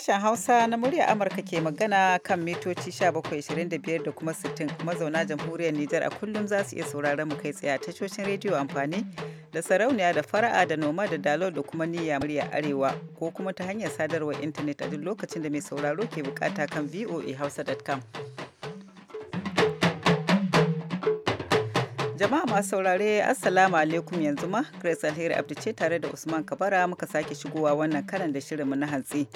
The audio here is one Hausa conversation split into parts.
Sashen Hausa na murya Amurka ke magana kan mitoci 1725 da kuma 60 mazauna jamhuriyar Nijar a kullum za su iya sauraron mu kai tsaye a tashoshin rediyo amfani da sarauniya da fara'a da noma da dalo da kuma niyya murya arewa ko kuma ta hanyar sadarwar intanet a duk lokacin da mai sauraro ke bukata kan voahausa.com. Jama'a masu saurare Assalamu alaikum yanzu ma Grace Alheri Abdu ce tare da Usman Kabara muka sake shigowa wannan karan da shirinmu na hantsi.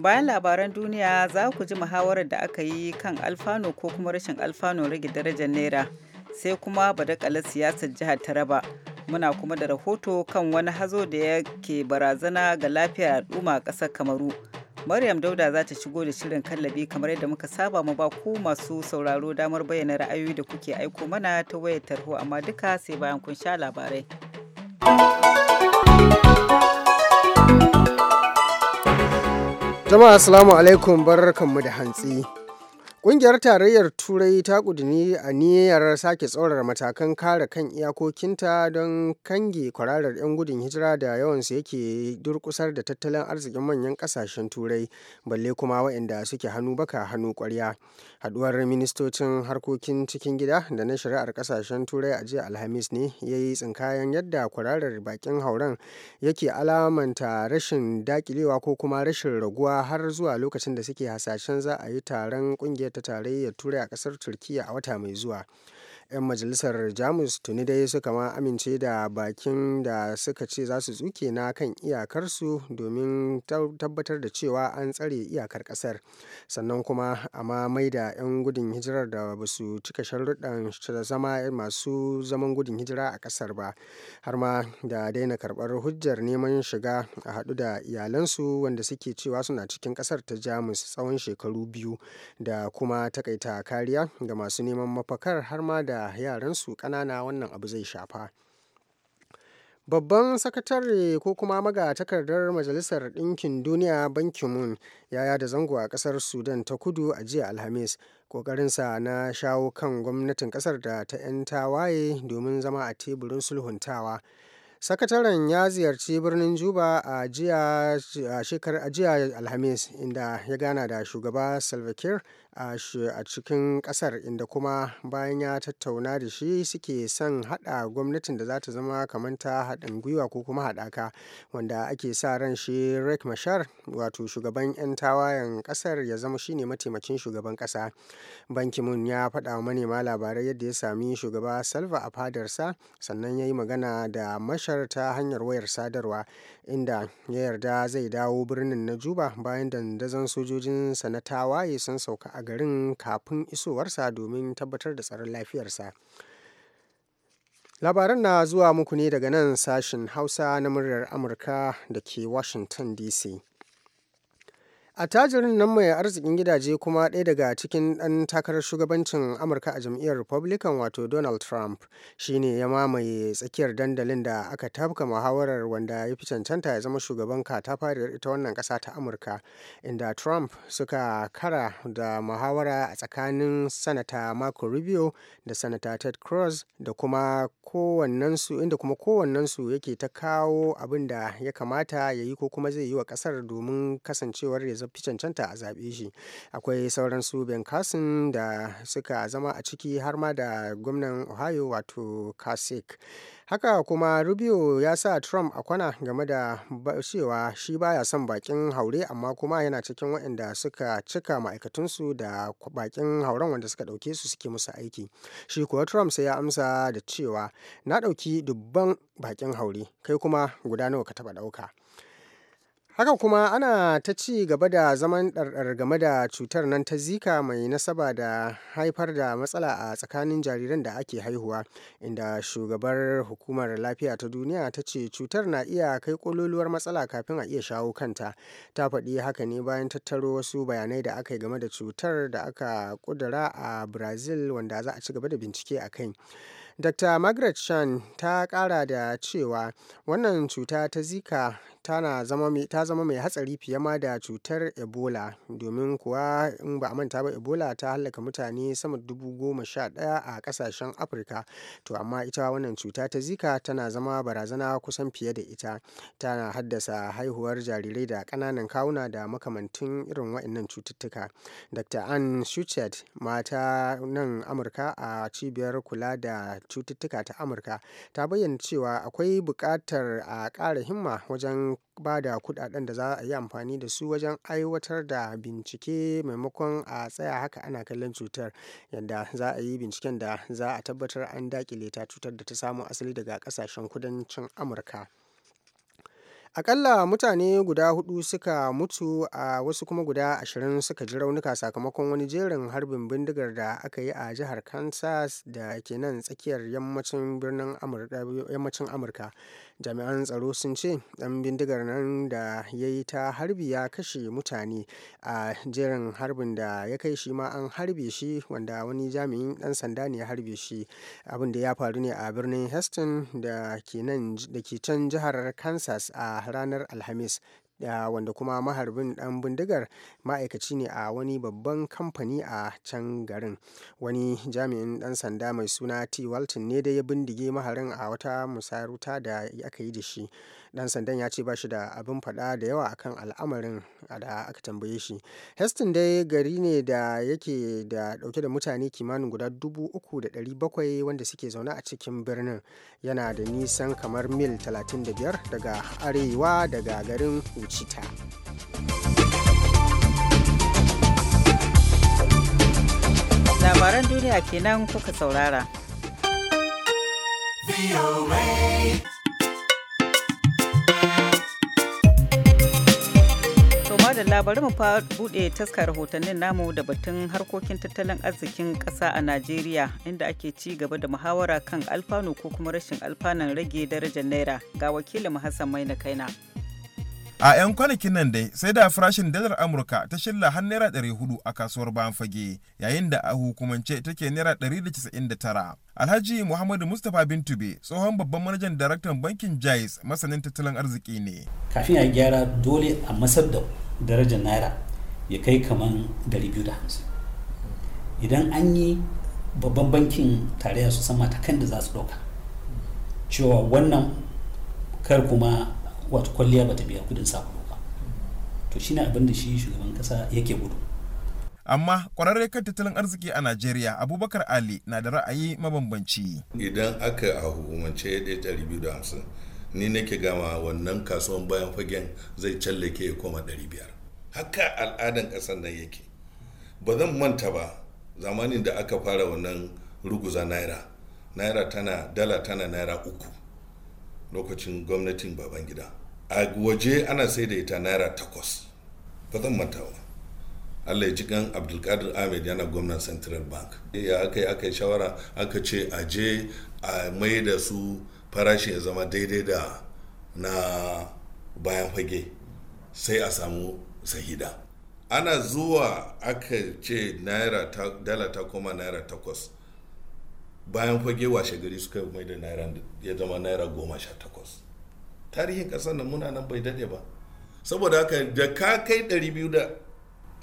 Bayan labaran duniya za ku ji muhawarar da aka yi kan alfano ko kuma rashin alfano rage darajar naira sai kuma badakalar siyasar jihar Taraba. Muna kuma da rahoto kan wani hazo da yake barazana ga lafiyar al'umma a ƙasar Kamaru. Maryam Dauda za ta shigo da shirin kallabi kamar yadda muka saba ma ba ku masu sauraro damar bayyana ra'ayoyi da kuke aiko mana ta wayar tarho amma duka sai bayan kun sha labarai. Jama'a Assalamu alaikum barkanmu da hantsi. Ƙungiyar Tarayyar Turai ta ƙuduni a niyyar sake tsaurara matakan kare kan iyakokinta don kange kwararar 'yan gudun hijira da yawansu yake durkusar da tattalin arzikin manyan ƙasashen Turai, balle kuma waɗanda suke hannu baka hannu kwarya. haduwar ministocin harkokin cikin gida da na shari'ar kasashen turai a jiya alhamis ne ya yi tsinkayen yadda kwararar bakin hauren yake alamanta rashin dakilewa ko kuma rashin raguwa har zuwa lokacin da suke hasashen za a yi taron kungiyar ta tarayyar turai a kasar turkiya a wata mai zuwa 'yan majalisar jamus tuni dai suka ma amince da bakin da suka ce za su tsuke na kan iyakarsu domin tabbatar da cewa an tsare iyakar kasar sannan kuma a ma mai da 'yan gudun hijirar da ba su cika sharuɗan zama masu zaman gudun hijira a kasar ba har ma da daina karɓar hujjar neman shiga a haɗu da iyalansu wanda suke cewa suna cikin kasar ta jamus tsawon shekaru biyu da kuma takaita kariya ga masu neman mafakar har ma da da yaransu kanana wannan abu zai shafa. Babban sakatare ko kuma maga-takardar Majalisar Ɗinkin Duniya bankin moon ya yada zango a ƙasar Sudan ta kudu a jiya Alhamis, ƙoƙarinsa na shawo kan gwamnatin ƙasar da ta 'yan tawaye domin zama a teburin sulhuntawa. Sakataren ya ziyarci birnin Juba a jiya Alhamis inda ya gana da shugaba salvakir. a cikin kasar inda kuma bayan ya tattauna da shi suke son hada gwamnatin da za ta zama kamar ta haɗin gwiwa ko kuma haɗaka wanda ake sa ran shi rek mashar wato shugaban 'yan tawayen kasar ya zama shine mataimakin shugaban kasa banki mun ya faɗa wa manema labarai yadda ya sami shugaba salva a fadarsa sannan ya yi magana da mashar ta hanyar wayar sadarwa inda ya yarda zai dawo birnin na juba bayan dandazon sojojin tawaye sun sauka a garin kafin isowarsa domin tabbatar da tsaron lafiyarsa. Labaran na zuwa muku ne daga nan sashen Hausa na muryar Amurka da ke Washington DC. Attajirin nan mai arzikin gidaje kuma ɗaya daga cikin ɗan takarar shugabancin Amurka a jam'iyyar Republican wato Donald Trump shine ya mamaye tsakiyar dandalin da aka tafka muhawarar wanda ya fi cancanta ya zama shugaban katafariyar ita wannan ƙasa ta Amurka inda Trump suka kara da muhawara a tsakanin Sanata Marco Rubio da Sanata Ted Cruz da kuma kowannensu inda kuma kowannensu yake ta kawo abin da ya kamata ya yi ko kuma zai yi wa ƙasar domin kasancewar ya zama fi cancanta a zaɓe shi akwai sauran su ben carson da suka zama a ciki har ma da gwamnan ohio wato kasik haka kuma rubio ya sa trump a kwana game da cewa shi baya son bakin haure amma kuma yana cikin waɗanda suka cika ma'aikatunsu da bakin hauren wanda suka ɗauke su suke musu aiki shi kuwa trump sai ya amsa da cewa na ɗauki dubban bakin haure kai kuma guda nawa ka taɓa ɗauka Haka kuma ana ta ci gaba da zaman ɗarɗar game da cutar nan ta Zika mai nasaba da haifar da matsala a tsakanin jariran da ake haihuwa, inda shugabar Hukumar Lafiya ta Duniya ta ce cutar na iya kai ƙololuwar matsala kafin a iya shawo kanta. Ta faɗi haka ne bayan tattaro wasu bayanai da aka yi game da cutar da aka kudura a Brazil wanda za a ci gaba da bincike a kai. Dr. Margaret Shan ta kara da cewa wannan cuta ta Zika ta zama mai hatsari fiye ma da cutar Ebola domin kuwa in ba a manta ba Ebola ta hallaka mutane sama dubu goma sha ɗaya a kasashen Afirka to amma ita wannan cuta ta Zika tana zama barazana kusan fiye da ita tana haddasa haihuwar jarirai da kananan kawuna da makamantin irin waɗannan cututtuka. Dr. Ann shuchet mata nan Amurka a cibiyar kula da cututtuka ta amurka ta bayyana cewa akwai buƙatar a ƙara himma wajen ba da kudaden da za a yi amfani da su wajen aiwatar da bincike maimakon a tsaya haka ana kallon cutar yadda za a yi binciken da za a tabbatar an dakile ta cutar da ta samu asali daga ƙasashen kudancin amurka Akalla mutane guda huɗu suka mutu a wasu kuma guda ashirin suka ji raunuka sakamakon wani jerin harbin bindigar da aka yi a jihar Kansas da ke nan tsakiyar yammacin Amurka. jami'an tsaro sun ce dan bindigar nan da ya yi ta harbi ya kashe mutane a jerin harbin da ya kai shi ma an harbe shi wanda wani jami'in dan sanda ne ya harbe shi abin da ya faru ne a birnin heston da ke can jihar kansas a ranar alhamis wanda kuma maharbin ɗan bindigar ma'aikaci ne a wani babban kamfani a can garin wani jami'in ɗan sanda mai suna t walton ne da ya bindige maharin a wata musaruta da aka yi da shi dan sandan ya ce ba shi da abin faɗa da yawa akan al'amarin da aka tambaye shi heston dai gari ne da yake da ɗauke da mutane kimanin guda dubu uku da ɗari bakwai wanda suke zaune a cikin birnin yana da nisan kamar mil 35 daga arewa daga garin wichita labaran duniya kenan kuka saurara. madalla bari mu buɗe taskar rahotannin namu da batun harkokin tattalin arzikin kasa a Najeriya inda ake ci gaba da muhawara kan alfanu ko kuma rashin alfanan rage darajar naira ga wakilin Hassan Maina Kaina. A 'yan kwanakin nan dai sai da farashin dalar Amurka ta shilla har naira 400 a kasuwar bayan fage yayin da a hukumance take naira ɗari da Alhaji Muhammadu Mustapha Bintube tsohon babban manajan daraktan bankin Jais masanin tattalin arziki ne. Kafin a gyara dole a masar da darajar naira ya kai kaman 250 idan an yi babban bankin tarayya su ta kan da za su ɗauka cewa wannan kar kuma wata kwalliya bata biya kudin sabulu ba to shine abin da shi shugaban kasa yake gudu amma kwararre kan tattalin arziki a najeriya abubakar ali na da ra'ayi mabambanci idan aka a hukumance ni nake gama wannan kasuwan bayan fagen zai callake ya koma biyar. haka al'adan ƙasar nan yake ba zan manta ba zamanin da aka fara wannan ruguza naira naira tana dala tana naira uku lokacin gwamnatin baban gida a waje ana sai da ita naira takwas ba zan manta ba allah ya ji kan abdulkadir ahmed yana gwamnan central bank ya aka yi shawara aka ce a je a mai da su farashi ya zama daidai da na bayan fage sai a samu sahida ana zuwa aka ce naira dala ta koma naira takwas bayan fage washe gari suka mai da naira ya zama naira goma sha takwas tarihin kasar nan muna nan bai dade ba saboda haka da ka kai biyu da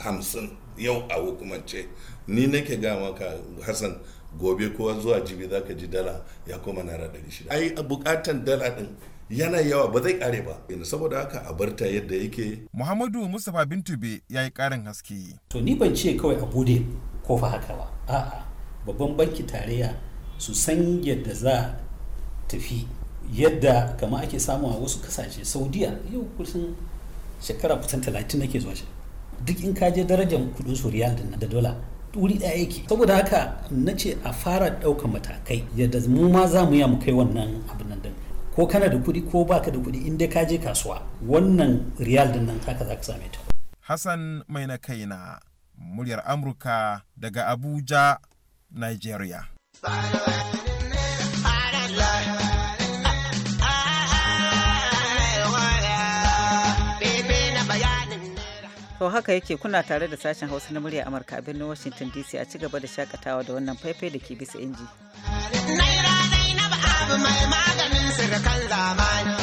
hamsin yau a hukumance ni nake ga maka hassan gobe kowa zuwa jibi za ka ji dala ya koma naira ɗari shida ai bukatan dala ɗin yana yawa ba zai kare ba yana saboda haka a barta yadda yake muhammadu mustapha bintube ya yi karin haske to ni ban ce kawai a bude ko fa haka ba a'a babban banki tarayya su san yadda za tafi yadda kama ake samu a wasu kasashe saudiya yau kusan shekara kusan talatin nake zuwa duk in ka je darajar kudin su riyal da dola wuri ɗaya yake saboda haka na ce a fara ɗaukan matakai yadda mu ma za mu ya mu kai wannan abin nan din ko kana da kuɗi ko baka da kuɗi inda dai ka je kasuwa wannan riyal din nan haka za ka same ta Hassan mai na kai na muryar Amurka daga Abuja Nigeria. To haka yake kuna tare da sashen Hausa na murya Amurka a birnin Washington DC a ci gaba da shakatawa da wannan faifai da ke bisa inji. Naira Zainab abu mai maganin zamani.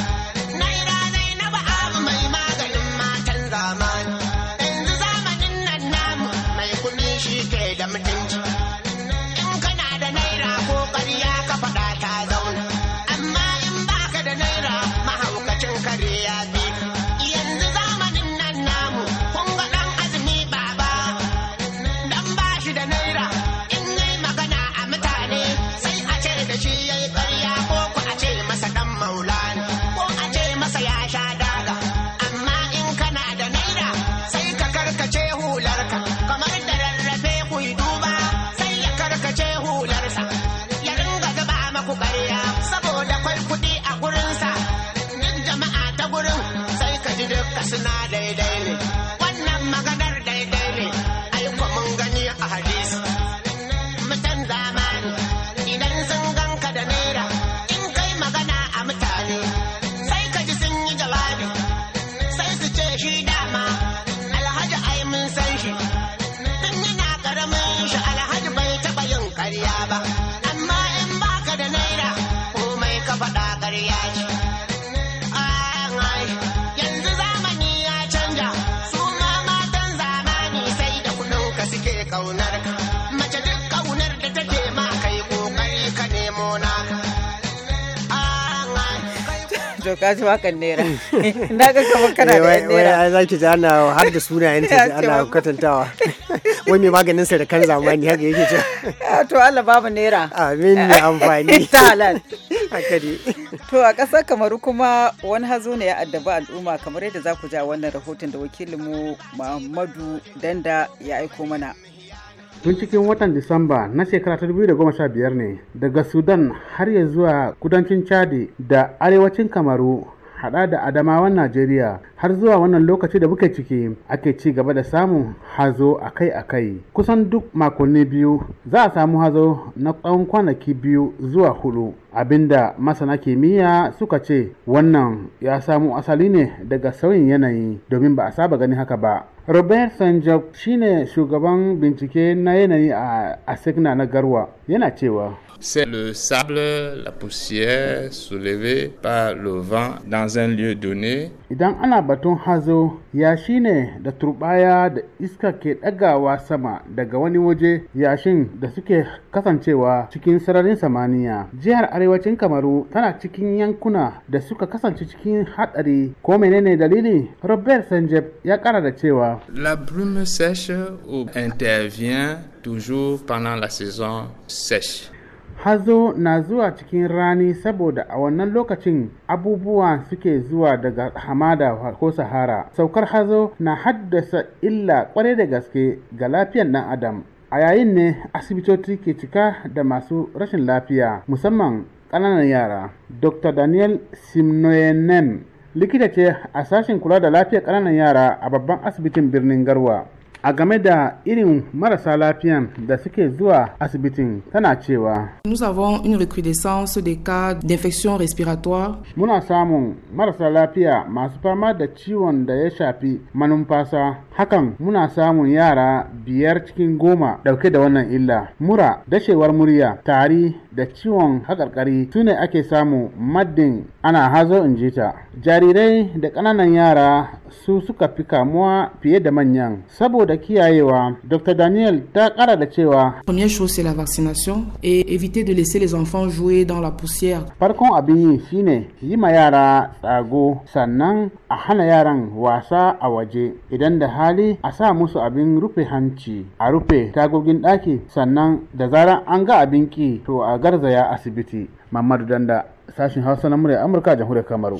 to ji wakan naira na ga kamar kana da yan eh, naira wai zaki ji ana har da sunayen ta ana kwatantawa wai mai maganin sa da kan zamani haka yake ce ah, to Allah babu naira amin ne amfani ta halal haka to a ƙasar kamaru kuma wani hazo ne ya addaba al'umma kamar yadda za ku ja wannan rahoton da wakilinmu Muhammadu Danda ya aiko mana tun cikin watan disamba na shekara ta 2015 ne daga sudan har ya zuwa kudancin chadi da arewacin kamaru hada da adamawan najeriya har zuwa wannan lokaci da muke ciki ake ci gaba da samun hazo akai-akai kusan duk makonni biyu za a samu hazo na tsawon kwanaki biyu zuwa hudu abinda masana kimiyya suka ce wannan ya samu asali ne daga sauyin yanayi domin ba a saba gani haka ba robert sanjok shine shugaban bincike na yanayi a asigna na garwa yana cewa c'est le sable, la poussière soulevée par le vent dans un lieu donné. Idan ana batun hazo, Yashine, shine da turbaya da iska ke dagawa sama daga wani waje yashin da suke kasancewa cikin sararin samaniya. Jihar Arewacin Kamaru tana cikin yankuna da suka kasance cikin haɗari ko menene dalili? Robert Sanjeb ya kara da cewa. La brume sèche intervient toujours pendant la saison sèche. hazo na zuwa cikin rani saboda a wannan lokacin abubuwa suke zuwa daga hamada ko sahara saukar hazo na haddasa illa kwarai da gaske ga lafiyar dan adam a yayin ne asibitoci ke cika da masu rashin lafiya musamman ƙananan yara dr daniel simnoyenem likita ce a sashen kula da lafiyar ƙananan yara a babban asibitin birnin garwa a game da irin marasa lafiyan da suke zuwa asibitin tana cewa Nous avons une recrudescence des cas d'infection respiratoire. Muna samun marasa lafiya masu fama da ciwon da ya shafi manumfasa. Hakan muna samun yara biyar cikin goma dauke da wannan illa. Mura, dashewar murya, tari da ciwon hakarkari su ne ake samu maddin ana hazo in ji ta. Jarirai da ƙananan yara su suka fi kamuwa fiye da manyan saboda da kiyayewa dr daniel ta kara da cewa première chose c'est la vaccination et éviter de laisser les enfants jouer dans la poussière farkon abin yi shine yi ma yara tsago sannan a hana yaran wasa a waje idan da hali a sa musu abin rufe hanci a rufe tagogin ɗaki sannan da zarar an ga abin ki to a garzaya asibiti mamadu danda sashin hausa na murya amurka jamhuriyar kamaru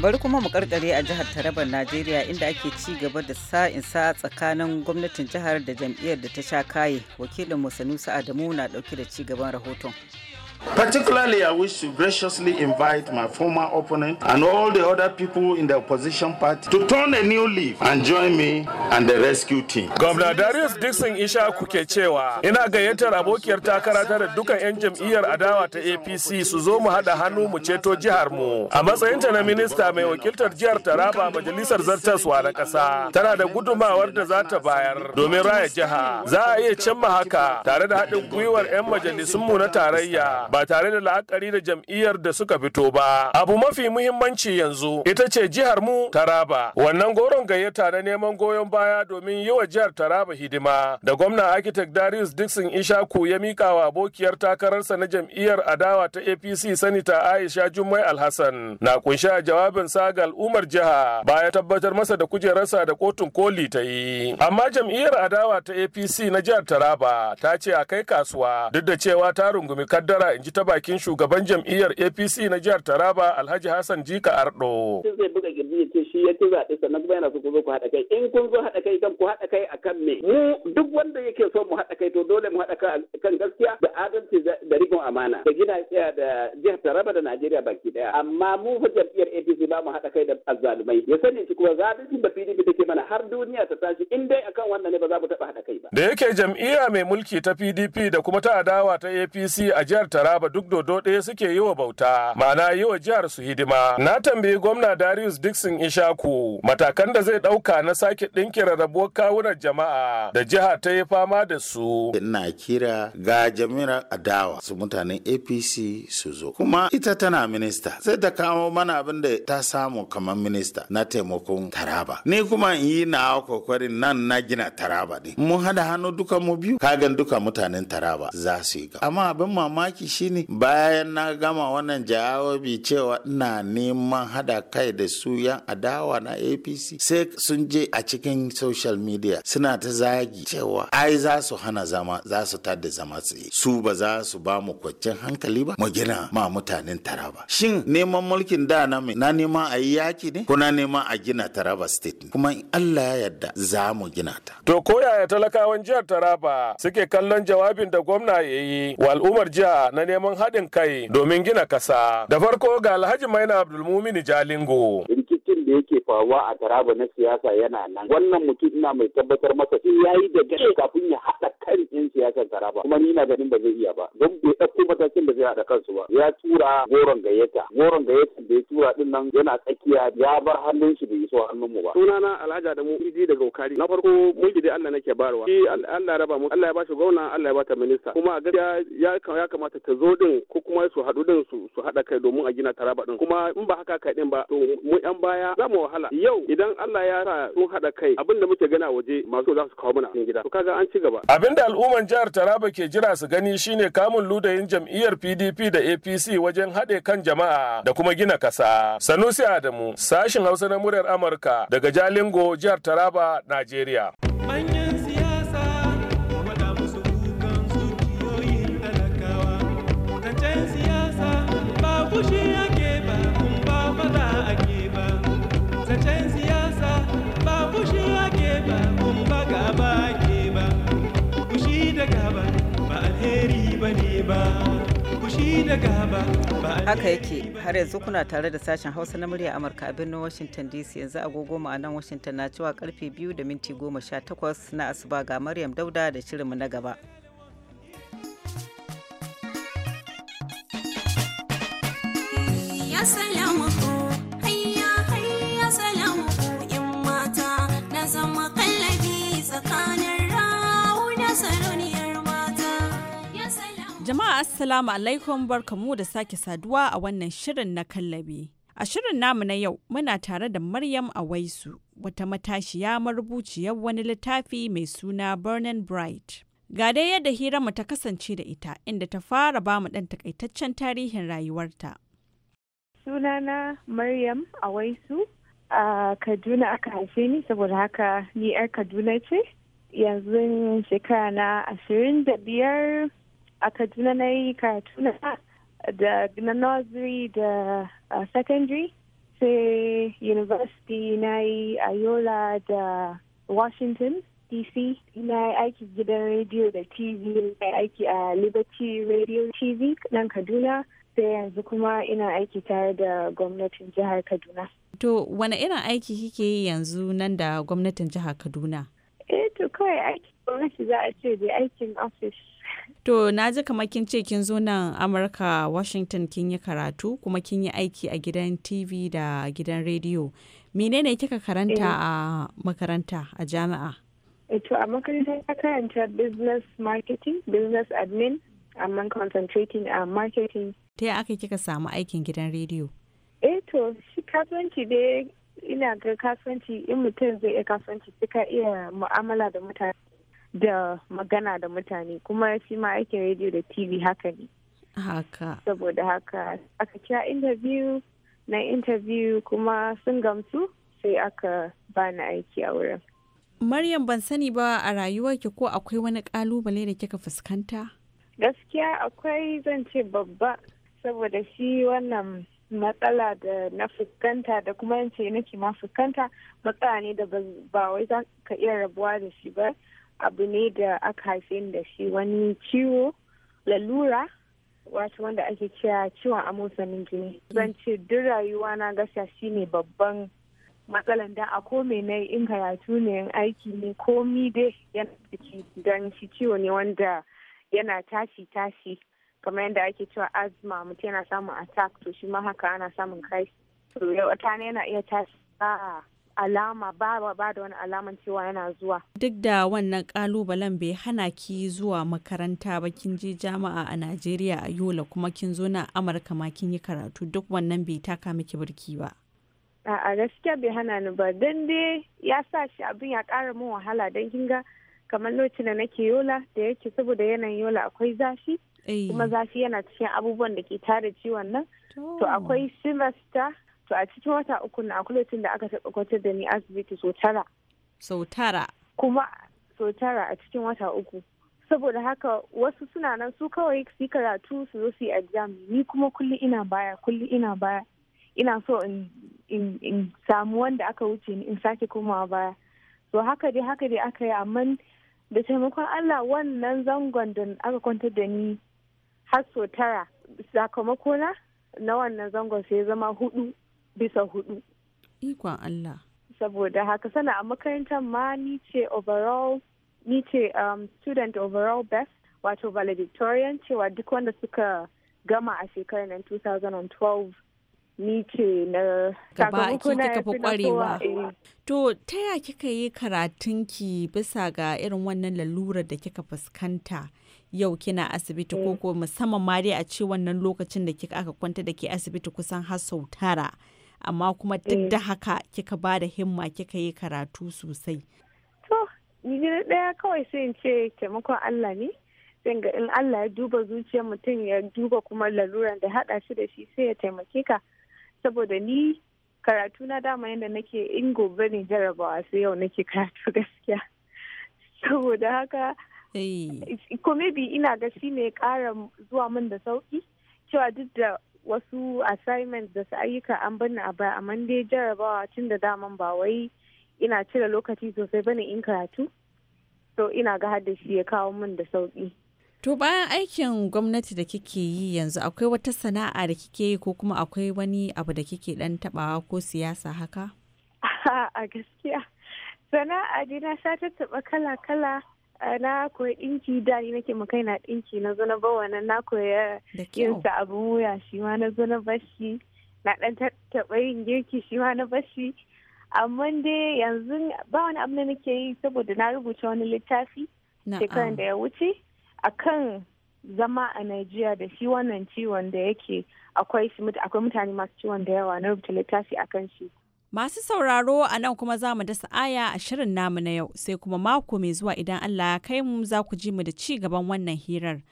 bari kuma mu karkare a jihar taraban najeriya inda ake ci gaba da sa'insa tsakanin gwamnatin jihar da jam'iyyar da ta sha kaye wakilin musanusa adamu na dauke da ci gaban rahoton Particularly, I wish to graciously invite my former opponent and all the other people in the opposition party to turn a new leaf and join me and the rescue team. Gwamna Darius Dixon Isha kuke cewa ina gayyatar abokiyar takara ta da dukan 'yan jam'iyyar adawa ta APC su zo mu haɗa hannu mu ceto jihar mu. A matsayinta na minista mai wakiltar jihar Taraba majalisar zartaswa na ƙasa tana da gudumawar da za ta bayar domin raya jiha. Za a iya cimma haka tare da haɗin gwiwar 'yan majalisunmu na tarayya ba tare da la'akari da jam'iyyar da suka fito ba. Abu mafi muhimmanci yanzu ita ce jihar mu Taraba. Wannan goron gayyata na neman goyon baya domin yi wa jihar Taraba hidima da gwamna architect Darius Dixon Ishaku ya mika wa abokiyar takararsa na jam'iyyar adawa ta APC Sanita Aisha Jummai Alhassan na kunshi a jawabin sa ga al'ummar jiha baya tabbatar masa da kujerarsa da kotun koli ta yi. Amma jam'iyyar adawa ta APC na jihar Taraba ta ce a kai kasuwa duk da cewa ta rungumi kaddara in ji ta bakin shugaban jam'iyyar apc na jihar taraba alhaji hassan jika ardo zai ce shi ya ci zaɓe sannan kuma yana so ku zo ku haɗa kai in kun zo haɗa kai kan ku haɗa kai akan me mu duk wanda yake so mu haɗa kai to dole mu haɗa kai kan gaskiya da adalci da rikon amana da gina da jihar Taraba da Najeriya baki daya amma mu fa jam'iyyar APC ba mu haɗa kai da azzalumai ya sani shi kuma zalunci ba PDP take mana har duniya ta tashi in dai akan wannan ne ba za mu taɓa haɗa kai ba da yake jam'iyya mai mulki ta PDP da kuma ta adawa ta APC a jihar Taraba duk dodo ɗaya suke yi wa bauta ma'ana yi wa jihar su hidima na tambayi gwamna Darius Dixon Alkasim Ishaku matakan da zai ɗauka na sake dinkira rabo kawunan jama'a da jiha ta yi fama da su. Ina kira ga jami'ar adawa su mutanen APC su zo. Kuma ita tana minista sai ta kawo mana abin da ta samu kamar minista na taimakon Taraba. Ni kuma in yi na kokarin nan na gina Taraba ne. Mun hada hannu duka mu biyu kagan duka mutanen Taraba za su yi Amma abin mamaki shine bayan na gama wannan jawabi cewa ina neman hada kai da su yan adawa na apc sai sun je a cikin social media suna ta zagi cewa ai za su hana zama za su tada zama tsaye su ba za su ba mu kwanciyar hankali ba mu gina ma mutanen taraba shin neman mulkin da na na nema a yi yaki ne ko na nema a gina taraba state kuma in allah ya yarda za mu gina ta to ko yaya talakawan jihar taraba suke kallon jawabin da gwamna ya yi wa al'ummar jiha na neman haɗin kai domin gina kasa da farko ga alhaji maina abdulmumini jalingo faruwa a taraba na siyasa yana nan wannan mutum ina mai tabbatar masa in ya yi da gani kafin ya haɗa kan yan siyasar taraba kuma ni na ganin ba zai iya ba don bai ɗauko matakin da zai haɗa kansu ba ya tura goron gayyata goron gayyata da ya tura din nan yana tsakiya ya bar hannun shi bai iso hannun mu ba sunana alhaji adamu iji daga ukari na farko mulki dai Allah nake barwa shi Allah raba mu Allah ya bashi gwamna Allah ya bata minista kuma a gaskiya ya kamata ta zo din ko kuma su haɗu din su haɗa kai domin a gina taraba din kuma in ba haka kai din ba to mu yan baya za mu wahala matsala yau idan Allah ya sa sun haɗa kai abin da muke gana waje masu za su kawo mana gida to kaga an ci gaba abinda al'umman jihar Taraba ke jira su gani shine kamun ludayin jam'iyyar PDP da APC wajen haɗe kan jama'a da kuma gina kasa Sanusi Adamu sashin Hausa na muryar Amurka daga Jalingo jihar Taraba Najeriya ba haka yake har yanzu kuna tare da sashen hausa na murya amurka a birnin washington dc yanzu agogo a nan washington na cewa karfe biyu da minti goma sha takwas na asuba ga maryam dauda da shirinmu na gaba Jama'a Assalamu alaikum barkamu da sake saduwa a wannan shirin na kallabi. A shirin namu na yau muna tare da Maryam Awaisu wata matashiya marubuciyar wani littafi mai suna Burning Bright. Ga dai yadda hiranmu ta kasance da ita inda ta fara ba mu ɗan takaitaccen tarihin rayuwarta. Sunana Maryam Awaisu a Kaduna aka haife ni saboda haka ni 'yar Kaduna ce. Yanzu shekara na ashirin da biyar a kaduna na yi karatu na da na nursery da secondary sai university na yi a yola da washington dc na yi aiki gidan radio da tv na aiki a liberty radio tv nan kaduna sai yanzu kuma ina aiki tare da gwamnatin jihar kaduna to wane irin aiki kike yi yanzu nan da gwamnatin jihar kaduna eh to kawai aiki gwamnati za a ce dai aikin office To na ji kamar kin ce kin zo nan Amurka Washington kin yi karatu kuma kin yi aiki a gidan TV da gidan rediyo. Menene kika karanta eh. a makaranta a jami'a? Eh, to a makaranta ya karanta business marketing, business admin, amma concentrating a marketing. Ta aka kika samu aikin gidan rediyo? Eh to shi kasuwanci dai ina ga kasuwanci in mutum zai iya kasuwanci suka iya mu'amala da mutane da magana da mutane kuma shi ma aikin rediyo da tv haka ne haka saboda haka aka kira interview na interview kuma sun gamsu sai aka bani aiki a wurin maryam ban sani ba a rayuwarki ko akwai wani kalubale da kika fuskanta gaskiya akwai zan ce babba saboda shi wannan matsala da na fuskanta da kuma yance nake ma fuskanta matsala ne da ba wai za ka iya rabuwa da shi ba abu ne da aka haife ni da shi wani ciwo lalura wato wanda ake cewa ciwon amosanin jini zan ce duk rayuwa na shi shine babban matsalan da a kome na in karatu ne in aiki ne komi dai yana ciki don shi ciwo ne wanda yana tashi tashi kamar yadda ake cewa asma mutum yana samun attack to shi ma haka ana samun kai to yau yana iya tashi alama ba ba da wani alaman cewa yana zuwa. Duk da wannan kalubalen bai hana ki zuwa makaranta ba kin je jama'a a Najeriya a Yola kuma kin zo na Amurka ma kin yi karatu duk wannan bai taka miki birki ba. A gaskiya bai hana ni ba don dai ya sa shi abin ya ƙara min wahala don kin ga kamar lokacin da nake Yola da yake saboda yanayin Yola akwai zafi. Eh. Kuma zafi yana cikin abubuwan da ke tare ciwon nan. To akwai semester to a cikin wata uku na lokacin da aka taɓa kwatar da ni asibiti sau tara sau tara kuma sau tara a cikin wata uku saboda haka wasu suna nan su kawai su karatu su zo su yi ni kuma kullum ina baya kullum ina baya ina so in samu wanda aka wuce ni in sake komawa baya to haka dai haka dai aka yi amma da taimakon Allah wannan zangon da aka kwantar da ni har so tara sakamakona na wannan zangon sai zama hudu bisa hudu. Ikon Allah. Saboda haka sana a makarantar ma ni ce overall ni ce um, student overall best wato valedictorian cewa duk wanda suka gama a shekarar nan 2012 ni ce na sakamako To ta ya kika yi karatunki bisa ga irin wannan lalurar da kika fuskanta yau kina asibiti ko eh. ko musamman ma dai a ce wannan lokacin da kika aka kwanta da ke asibiti kusan har sau tara. amma kuma duk eh. da haka kika ba da himma kika yi karatu sosai. To, ni ɗaya kawai sai in ce taimakon Allah ne. Zan ga in Allah ya duba zuciyar mutum ya duba kuma laluran da haɗa shi da shi sai ya taimake ka. Saboda ni karatu na dama yadda nake in gobe ne jarabawa sai yau nake karatu gaskiya. Saboda haka eh. ko maybe ina ga shi ne kara zuwa min da sauki cewa duk da wasu assignments da su ayyuka an bani a baya amma dai jarabawa tun da daman ba wai ina cire lokaci sosai bane in karatu so ina ga har da shi ya kawo min da sauki to bayan aikin gwamnati da kike yi yanzu akwai wata sana'a da kike yi ko kuma akwai wani abu da kike dan tabawa ko siyasa haka a gaskiya sana'a dai na sha tattaɓa kala kala na koyi ɗinki da ni nake mu kaina ɗinki na zo na ba nan na koya eh, yin sa abun wuya shi ma na zo na bashi na ɗan taɓa yin girki shi ma na bashi amma dai yanzu ba wani abu da nake yi saboda na rubuta wani littafi shekaran da ya wuce akan zama a Najeriya da shi wannan ciwon da yake akwai mutane masu ciwon da yawa na rubuta littafi akan shi. Masu sauraro a nan kuma za mu dasa aya a shirin namu na yau sai kuma mako mai zuwa idan Allah ya kai mu za ku ji mu da ci gaban wannan hirar.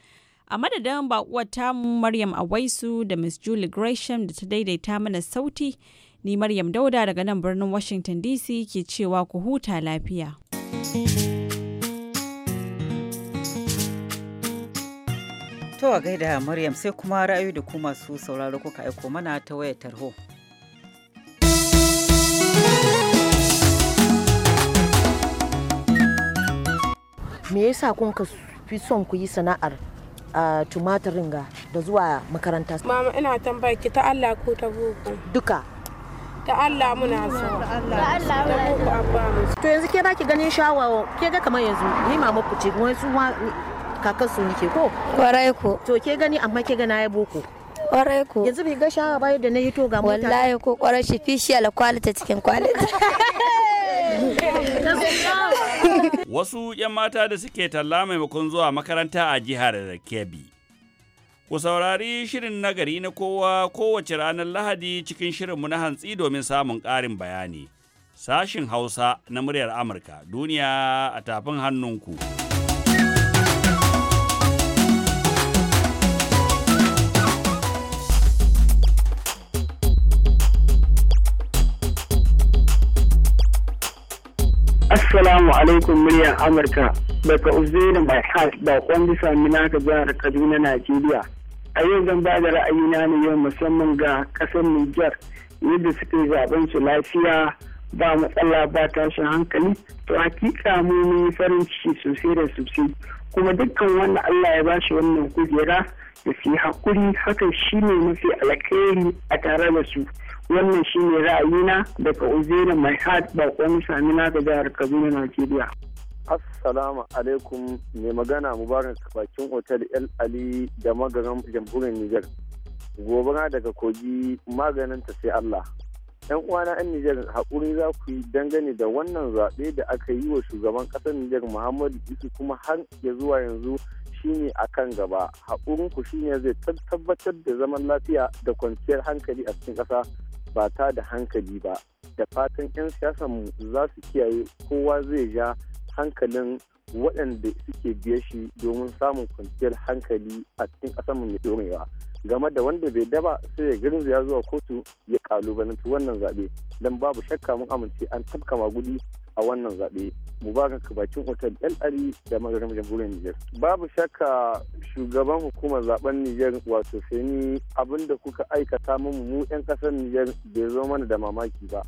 A madadin bakuwar tamu Maryam Awaisu da Miss Julie Gresham da ta daidaita mana sauti, ni Maryam Dauda daga nan birnin Washington DC ke cewa ku huta lafiya. To a gaida Maryam sai kuma ra'ayi da ku masu sauraro kuka aiko mana ta wayar tarho. me yasa kun ka fi son ku yi sana'ar a tumatirin ga da zuwa makaranta mama ina tambaya ki ta Allah ko ta boko duka ta Allah muna so ta Allah muna boko abba to yanzu ke baki ganin shawawa ke ga kamar yanzu ni mama ku ce wai su kakan su nike ko kwarai ko to ke gani amma ke na ya boko kwarai ko yanzu bai ga shawa bayan da na hito ga mutane wallahi ko kwarai shi fi kwalita cikin kwalita Wasu 'yan mata da suke talla maimakon zuwa makaranta a jihar Kebbi. Ku saurari shirin nagari na kowa kowace ranar Lahadi cikin shirinmu na hantsi domin samun ƙarin bayani. Sashin Hausa na muryar Amurka, duniya a tafin hannunku. ku. Assalamu alaikum muryar Amurka daga Uzeri mai hat bakon bisa minaka jihar Kaduna Najeriya. A yau zan ba da ra'ayina ne yau musamman ga kasar Nijar yadda suke zaben su lafiya ba matsala ba tashin hankali to hakika mu mun farin ciki sosai da sosai kuma dukkan wanda Allah ya ba shi wannan kujera da su yi haka hakan ne mafi alkhairi a tare da su. wannan shi shine ra'ayina daga uzeri mai hat bakon samina ga jihar kaduna nigeria. Assalamu alaikum mai magana Mubarak bakin otal El Ali da magaran jamhuriyar Nijar. Gobara daga kogi maganin ta sai Allah. ‘Yan uwana 'yan Nijar haƙuri za ku yi dangane da wannan zaɓe da aka yi wa shugaban ƙasar niger Muhammadu Isu kuma har ya zuwa yanzu shine a kan gaba. Haƙurinku shine zai tabbatar da zaman lafiya da kwanciyar hankali a cikin ƙasa ba ta da hankali ba da fatan 'yan siyasanmu za su kiyaye kowa zai ja hankalin waɗanda suke biye shi domin samun kwanciyar hankali a cikin ƙasar mai dorewa game da wanda bai daba sai ya girin zuwa kotu ya kalubalanci wannan zaɓe don babu shakka mun amince an tafka magudi a wannan zaɓe mu ba ka bakin otal yan ɗari da magarin jamhuriyar niger babu shakka shugaban hukumar zaben niger wato seni abinda kuka aikata mu mu yan ƙasar niger bai zo mana da mamaki ba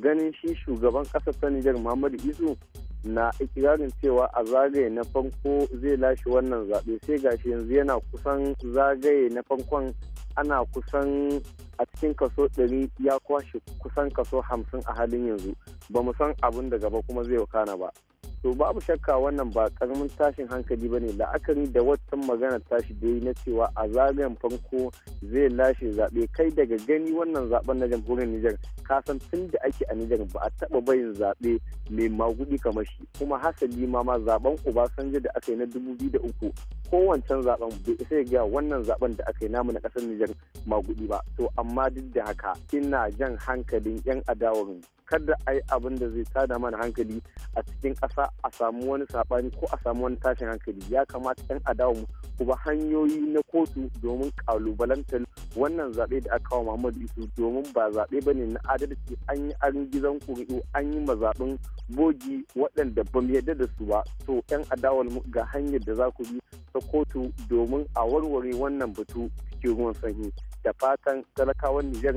ganin shi shugaban ƙasar ta niger muhammadu isu na ikirarin cewa a zagaye na farko zai lashe wannan zaɓe sai gashi yanzu yana kusan zagaye na farkon ana kusan a cikin kaso ɗari ya kwashe kusan kaso hamsin a halin yanzu ba mu san abin da gaba kuma zai wakana ba to babu shakka wannan ba karamin tashin hankali ba ne la'akari da watan magana tashi da yi na cewa a zagayen farko zai lashe zaɓe kai daga gani wannan zaɓen na jamhuriyar nijar kasan tun da ake a nijar ba a taɓa bayin zaɓe mai magudi kamar shi kuma hasali ma ma zaɓen sanje da aka yi na dubu biyu da uku kowancan zaben bai isa ya ga wannan zaben da aka yi namu na kasar Nijar magudi ba to amma duk da haka ina jan hankalin yan adawar kada a yi abin da zai tada mana hankali a cikin ƙasa a samu wani saɓani ko a samu wani tashin hankali ya kamata 'yan adawa mu ba hanyoyi na kotu domin ƙalubalantar wannan zaɓe da aka kawo Muhammadu Isu domin ba zaɓe ba ne na adalci an yi an gizon kuri'u an yi mazaɓin bogi waɗanda ba mu yarda da su ba to 'yan adawa mu ga hanyar da za ku bi ta kotu domin a warware wannan batu cikin ruwan sanyi da fatan talakawan Nijar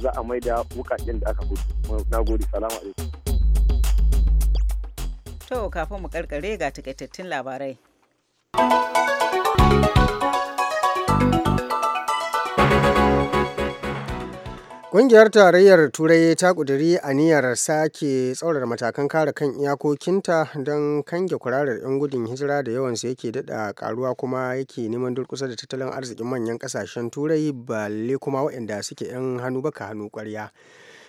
za a maida wukaken da aka gudu. Na gode, salamu alaikum. To, kafin mu karkare ga takaitattun labarai. Ƙungiyar Tarayyar Turai ta a aniyar sake tsaurara matakan kare kan iyakokinta don kange kurarar 'yan gudun hijira da yawansu yake daɗa ƙaruwa kuma yake neman durƙusa da tattalin arzikin manyan ƙasashen Turai balle kuma waɗanda suke 'yan hannu baka hannu ƙwarya.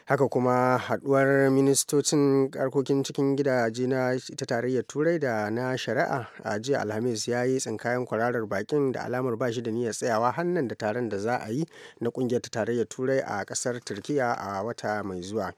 haka kuma haduwar ministocin harkokin cikin gidaje na ta tarayyar turai da na shari'a a jiya alhamis ya yi tsinkayen kwararar bakin da alamar ba shi da niyyar tsayawa hannun da taron da za a yi na kungiyar ta tarayyar turai a kasar turkiya a wata mai zuwa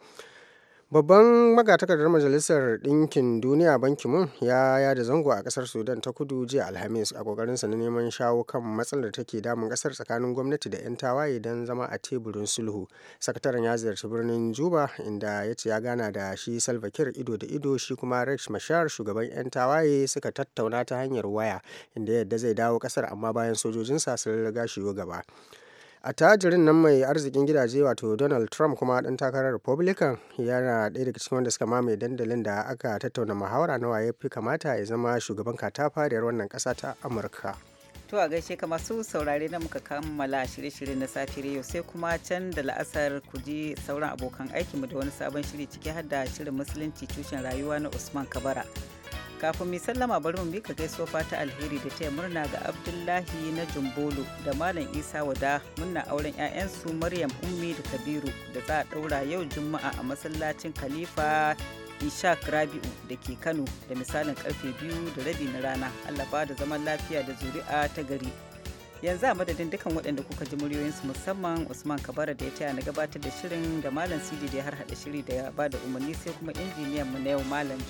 Babban magatakardar Majalisar Ɗinkin Duniya banki mun ya yada zango a ƙasar Sudan ta Kudu jiya Alhamis a sa na neman shawo kan matsalar da take damun ƙasar tsakanin gwamnati da 'yan tawaye don zama a teburin sulhu. Sakataren ya ziyarci birnin Juba inda ya ce ya gana da shi Salva kir ido da ido shi kuma Riek mashar shugaban 'yan tawaye suka tattauna ta hanyar waya inda ya yadda zai dawo ƙasar amma bayan sojojinsa sun riga shi gaba. attajirin nan mai arzikin gidaje wato donald trump kuma dan takarar republican yana ɗaya daga cikin wanda suka mamaye dandalin da aka tattauna muhawara na waye fi kamata ya zama shugaban katafariyar wannan ƙasa ta amurka to a gaishe ka masu saurare na muka kammala shirye shiryen na safiyar yau sai kuma can da la'asar ku ji sauran abokan aikinmu da wani sabon shiri ciki har da shirin musulunci tushen rayuwa na usman kabara kafin mai sallama bari mu mika gaisuwa fata alheri da taya murna ga abdullahi na jumbolo da malam isa wada muna auren 'ya'yansu maryam ummi da kabiru da za a ɗaura yau juma'a a masallacin khalifa ishaq rabi'u da ke kano da misalin karfe biyu da rabi na rana allah ba da zaman lafiya da zuri'a ta gari yanzu a madadin dukkan waɗanda kuka ji muryoyinsu musamman usman kabara da ya taya na gabatar da shirin da malam sidi da ya harhaɗa shiri da ya ba da umarni sai kuma injiniyan mu na yau malam